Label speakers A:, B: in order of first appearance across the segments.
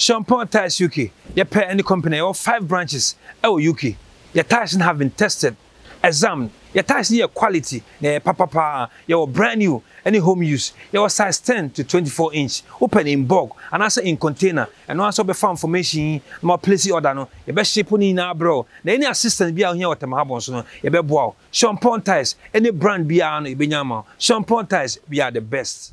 A: Champagne Tiles UK, your pair any company, all five branches, our oh, UK. Your tiles have been tested, examined. Your tiles need your quality, your eh, papa, pa, your brand new, any home use. Your size 10 to 24 inch, open in bulk, and also in container. And also be found information, no place order, no, your best ship in bro. Now, any assistance be out here with them, so your best wow. Champagne Tiles, any brand be out, you be Champagne Tiles, we are the best.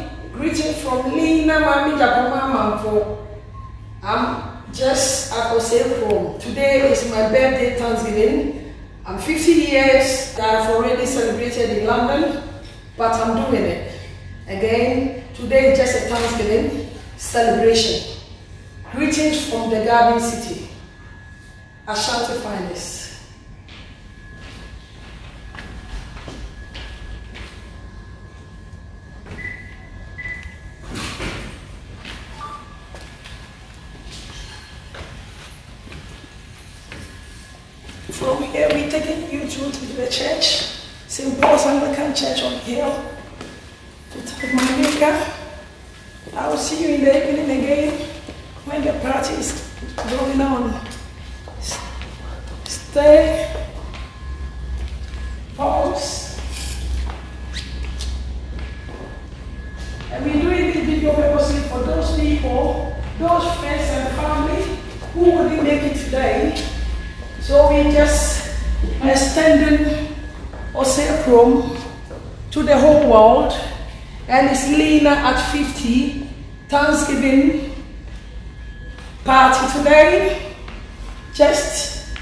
B: greeting from Lina Mami Jakoma Mamfo.
C: I'm just from. Today is my birthday, Thanksgiving. I'm 50 years that I've already celebrated in London, but I'm doing it. Again, today is just a Thanksgiving celebration. Greetings from the Garden City. Ashanti Finest. San Church on Hill.
B: I will see you in the evening again when the party
C: is going on. Stay. world, and it's Lena at 50 Thanksgiving party today. Just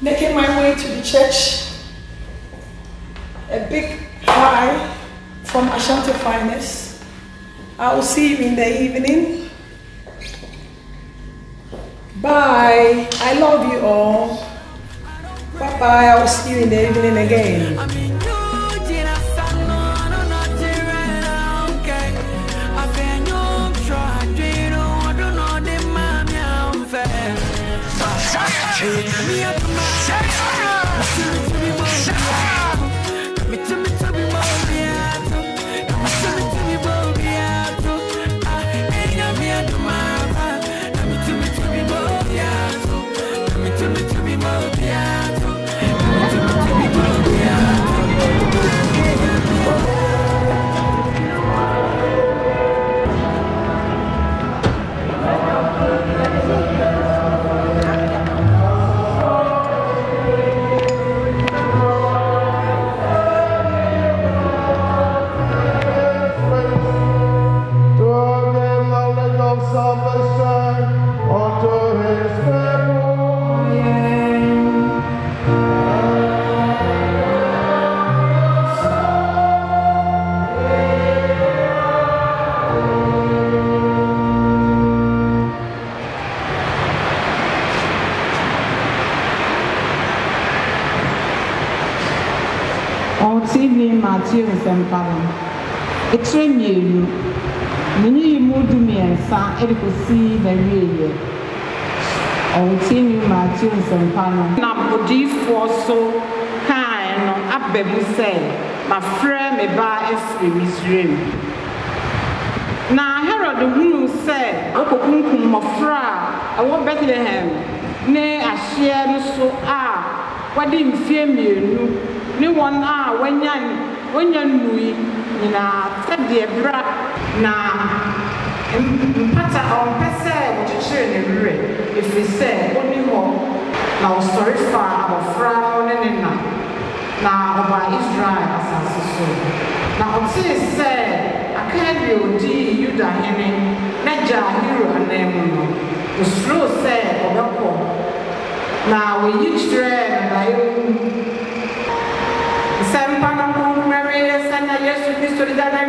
C: making my way to the church. A big hi from Ashanti Finest. I will see you in the evening. Bye. I love you all. Bye bye. I will see you in the evening again.
D: Tv ma Silvia Matheus Mpalo ekyire mmienu mini mu du mmiɛnsa de kɔsi na wieɛ ɔwɔtienwi Matheus Mpalo. nam odiifoɔ so kae no aba mu sɛ mafrɛ me ba afiri Misraim na Herod hunu sɛ ɔkɔkunkum mmɔfra a ɛwɔ Bethlehem ne ahyeɛ no so a wɔde mfeɛ mmienu. ne wɔn a wɔanya ne wɔanya nnui nyinaa sɛdeɛ bra na mpata ɔmpɛ sɛ wɔkyekyere ne werɛ ɛfiri sɛ ɔni hɔ na ɔsɔre fa abɔfra no ne ne na na ɔba israel asase so na ɔtee sɛ akaadie odii yudahene na gya hero anan mu no ɔsuro sɛ ɔbɛkɔ na wɔyi kyerɛɛ nnaeɛ mu Gesù Cristo gli dà da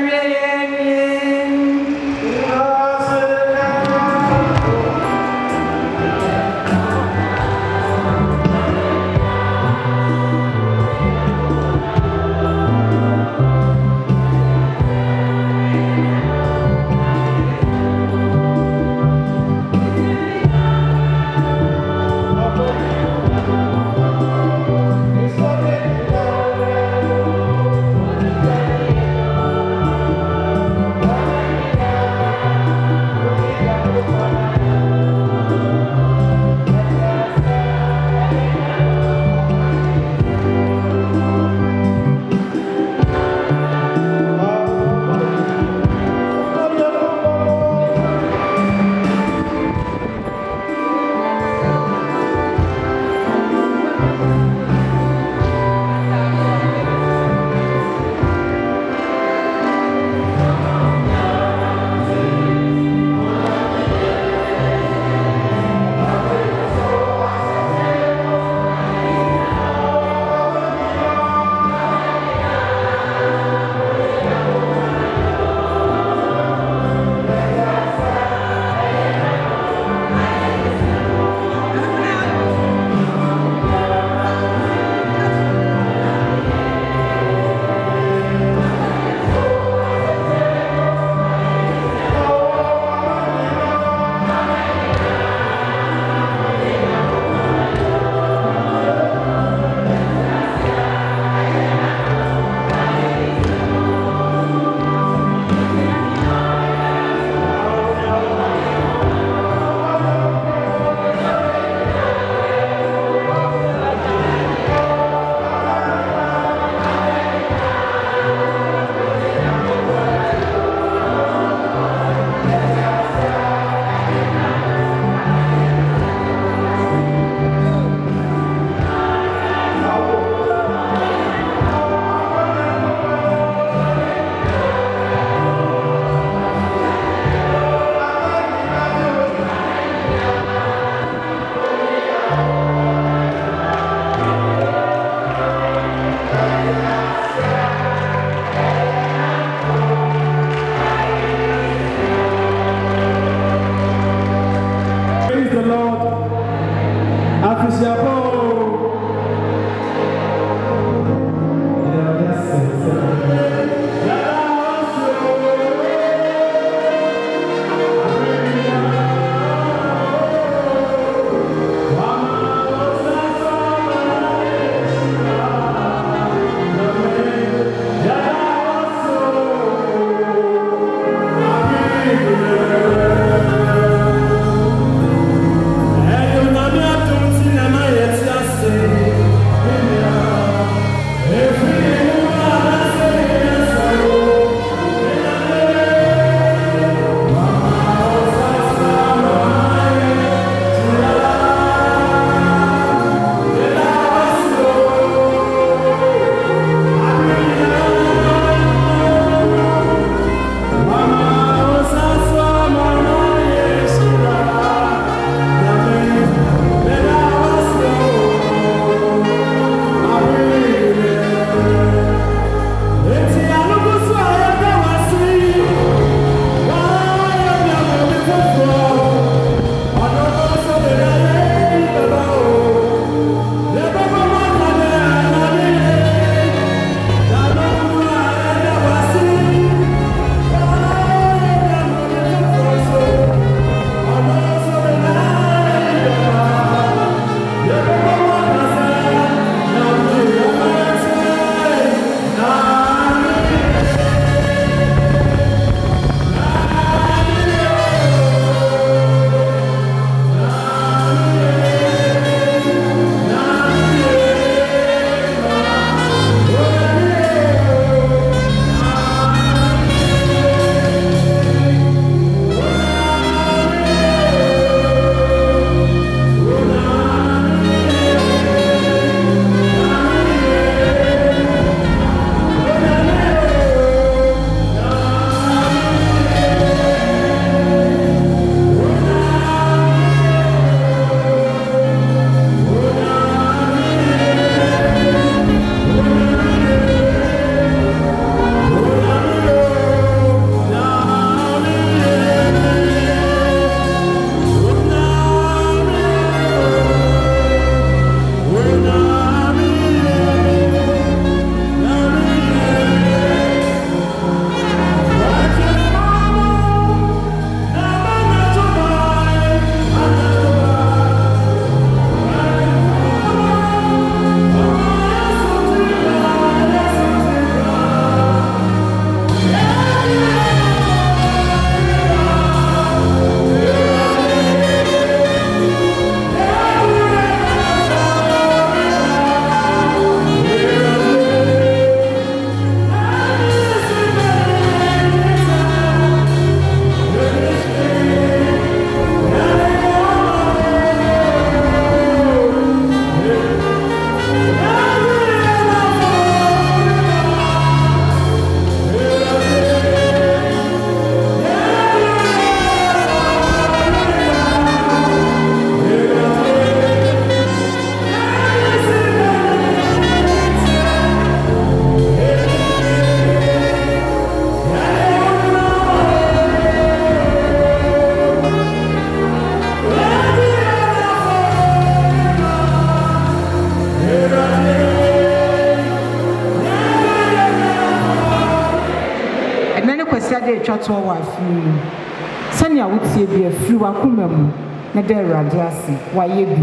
D: wayɛ bi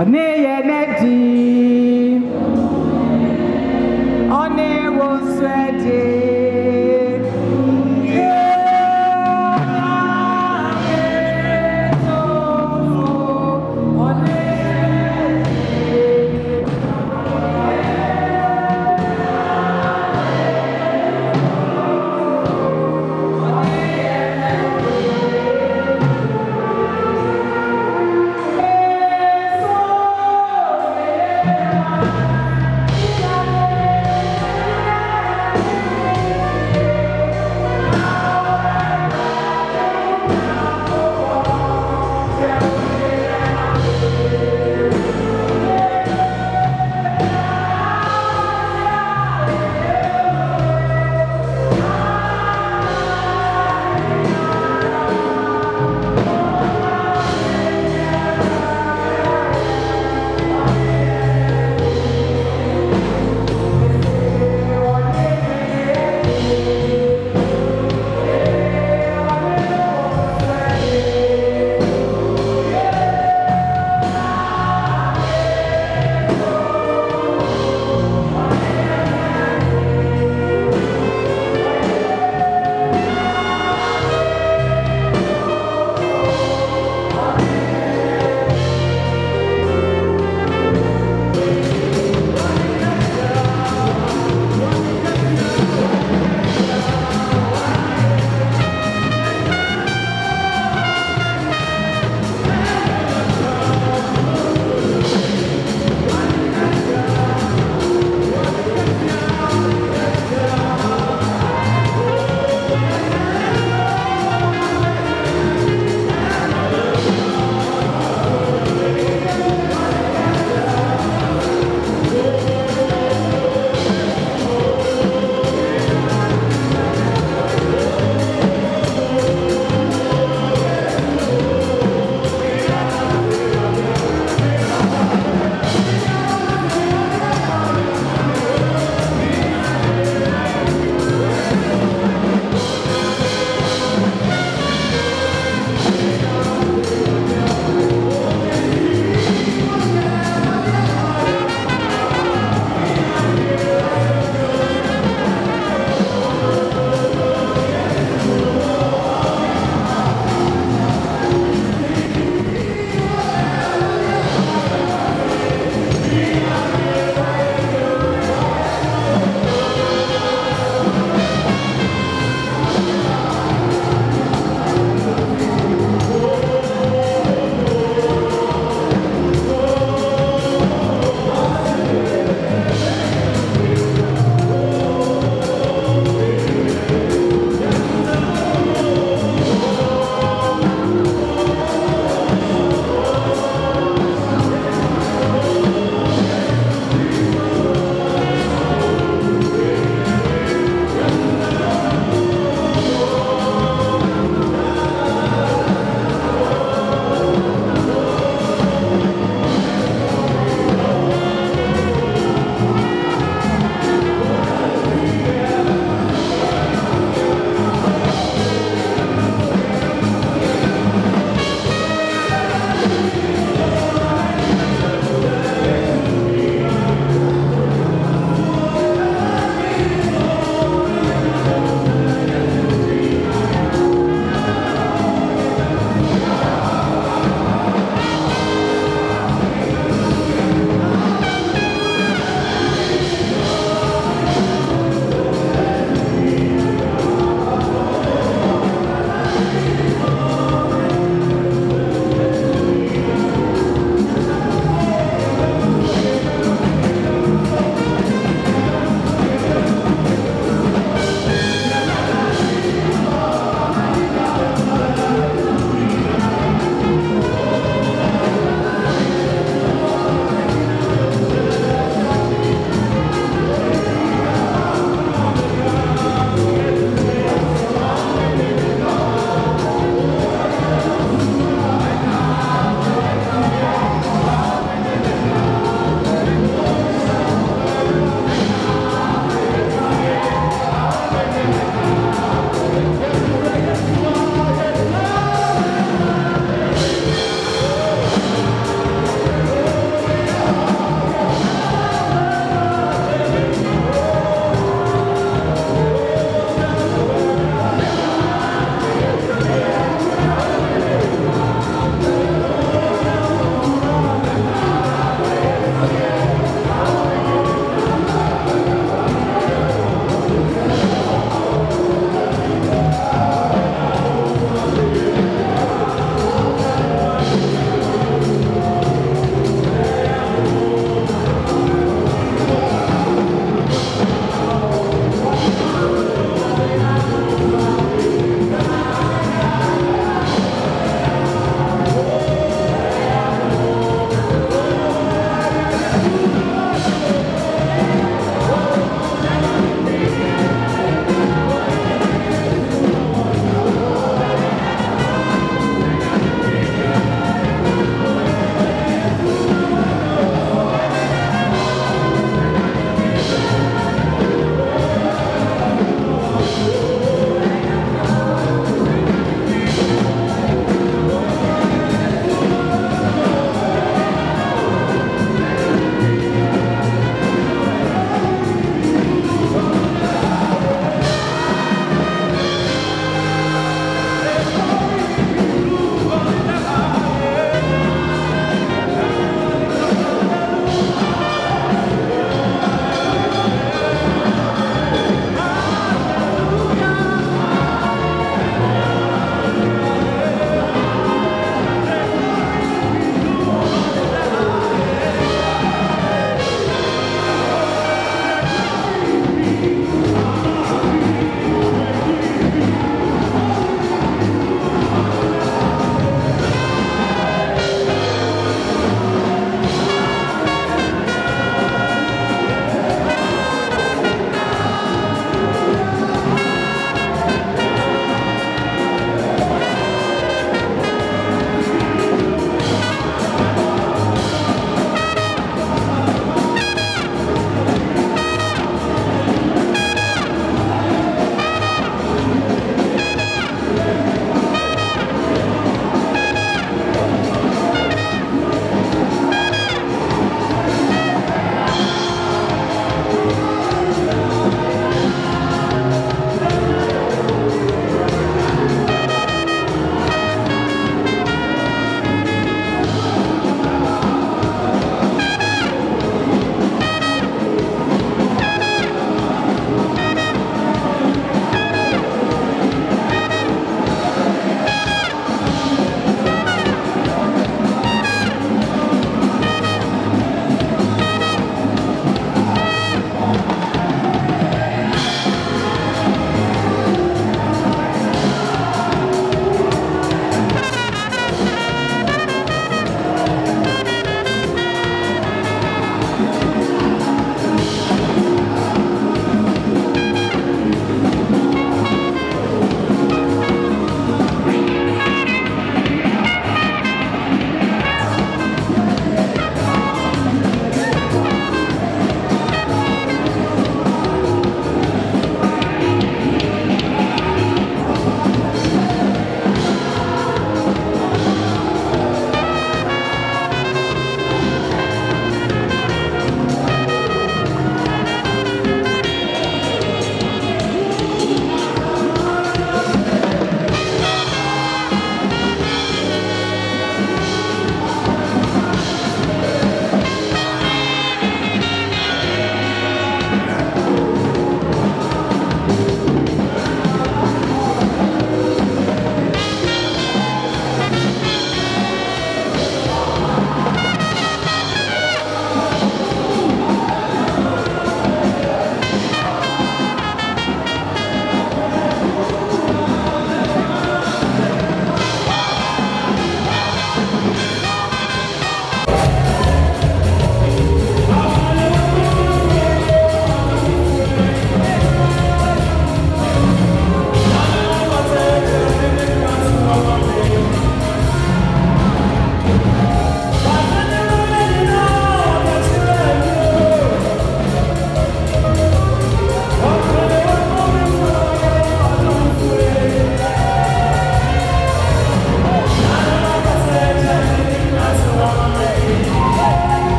D: ɔne yɛ n'adi ɔne wɔn nso adi.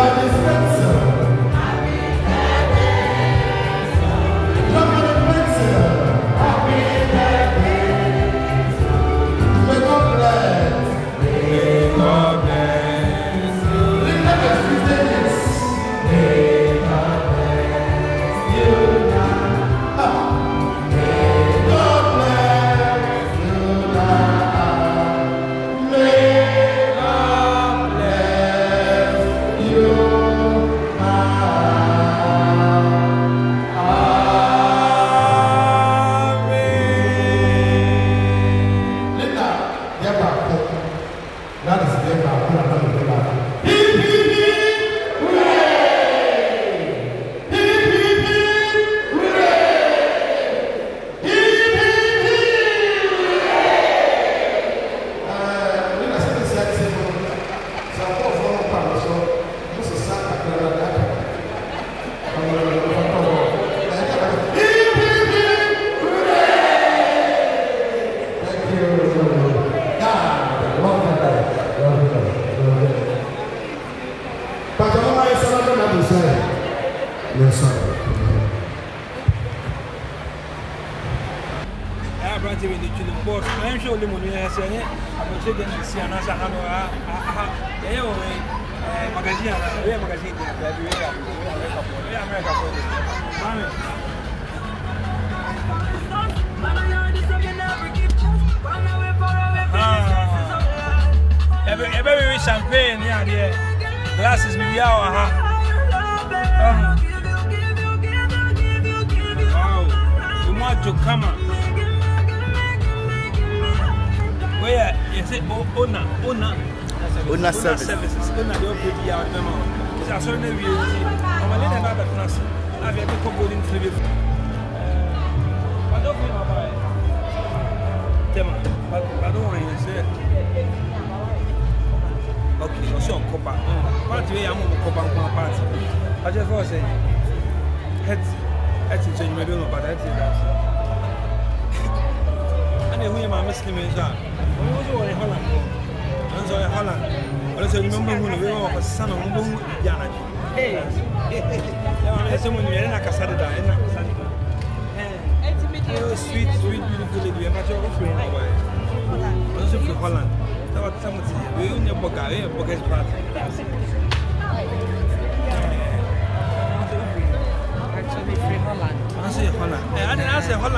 B: Obrigado, nessa época.
A: abranteɛ bɛ ne twene bɔs ɛnhwɛ olimoni ɛ sɛ ɛnyɛ abɔnhyɛ dɛm de si anaasɛ ana no aha ɛyɛ wɔ magazine ana ɛyɛ magazine de baabi ɛyɛ amerika fɔ ɛyɛ amerika fɔ de maame ɛbɛ wiwi champagne ne adeɛ glasses biribiaa wɔ ha to kama where is it? oh ona ona ona services ona dey operate here at memo is aso na wi enti ama le na ba tena so na bi e ko golden tree but don't be my boy tema but i don't want you say okay o se on koba party we am on koba nko party i just for say het het nche nyuma bi no but het is that Friday when my Muslim is that. When was in Holland? And so in Holland. I said, remember when we were a son of Mumbu Yana. Hey, someone you're in a Casadida, in a Casadida. Oh, sweet, sweet, beautiful lady, I'm not your friend. I was from Holland. That was something. We only boga, we boga is part. Actually, from Holland. I say Holland. I didn't say Holland.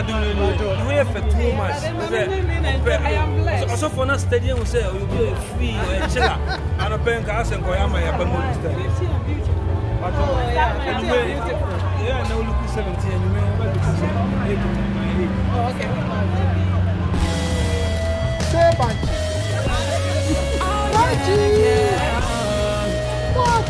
A: na do no no no yɛ steady ehu sɛ ɔyɛ obi ɔyɛ free ɔyɛ kyela ano pɛ nka asɛ nkɔyɛ ama yɛ bɛn olu steady pato enyime yɛ na olu ku seventeen enyime yɛ bɛ ku seventeen yɛ ku yɛ ku.
B: Banchi! Banchi! Banchi!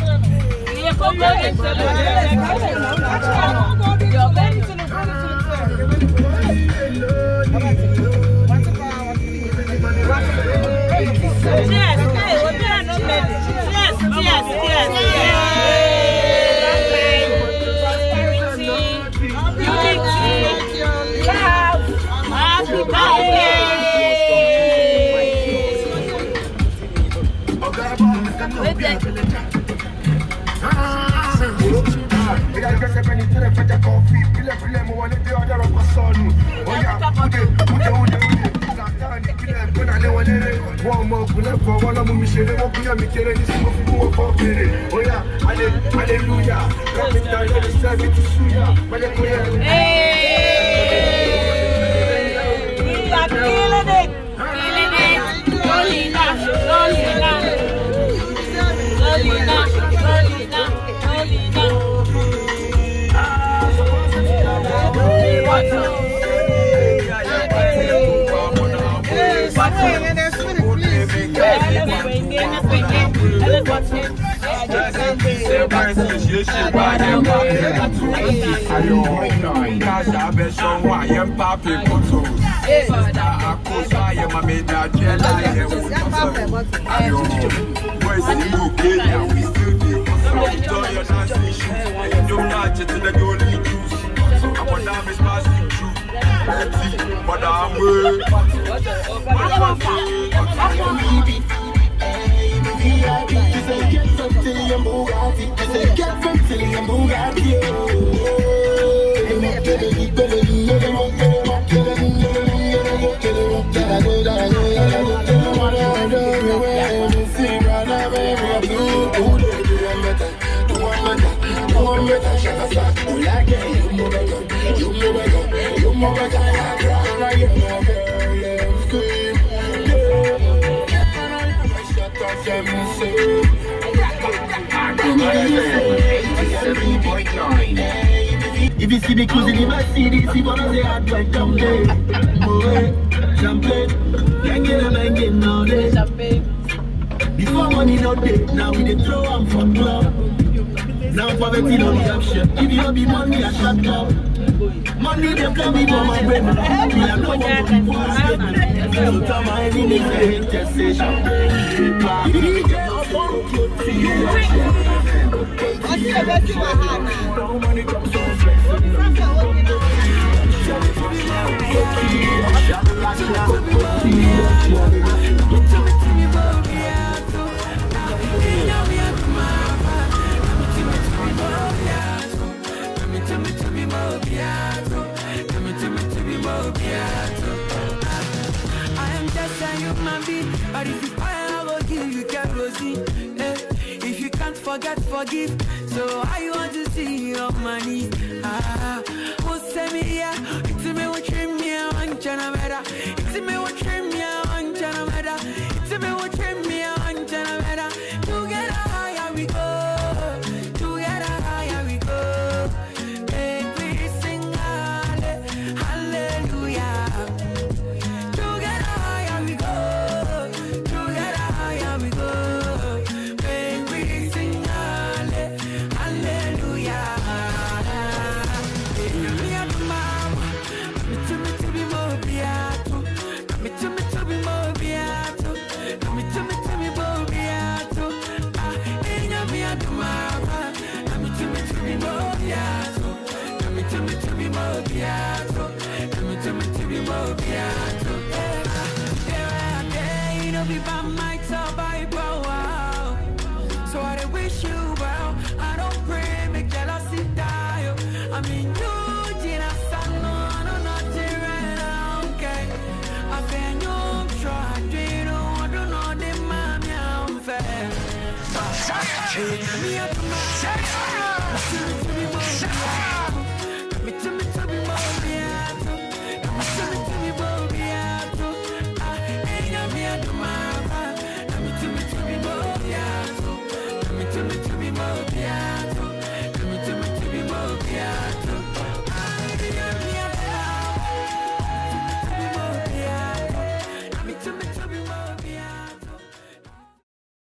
E: Yes,
B: yes, yes, yes. jẹ́ kan fi ìpínlẹ̀ ìpínlẹ̀ mo wọlé dé ọjọ́ rọ̀gbọ̀n sọnù ó yà kúdé kúdé kúdé kúdé
A: sàtáàdì ìpínlẹ̀ ìpínlẹ̀ alẹ́ wọn léré
B: wọn ọmọ ògùn lẹ́kọ̀ọ́ wọn lọ́mú mi ṣeré wọ́n kúyàn mi kéré ní sinmi fún wọn fọ́ kéré ó yà aleluya kọ́mítà ilé sẹ́ẹ̀mì ti súyà pẹ́lẹ́pẹ́lẹ́. ìyá
E: kílódé kílódé
B: lólìlá Where's the new Kenya? We still do.
E: Victoria Nancy, you know, not to the goalie.
B: Madame is passing
E: through. Madame, She said, get some Tilly and Bugatti. She get some and Bugatti. Oh, If you see me cruising in my city, see one of the hard would like to play. Moe, champagne, gang in a man getting all day. Before money not dead, now we they throw them from club. Now poverty no be option. If you be money, I shut up. Money they play me for my brain. We I know what people are saying. So tell my enemy they hate just say champagne. DJ Oboro Koti. I be. But if you find, I will give you kerosene. Eh? If you can't forget, forgive. So I want to see your money. Ah, oh, send me here. It's me what you me. I'm It's me what you me. I'm It's me what you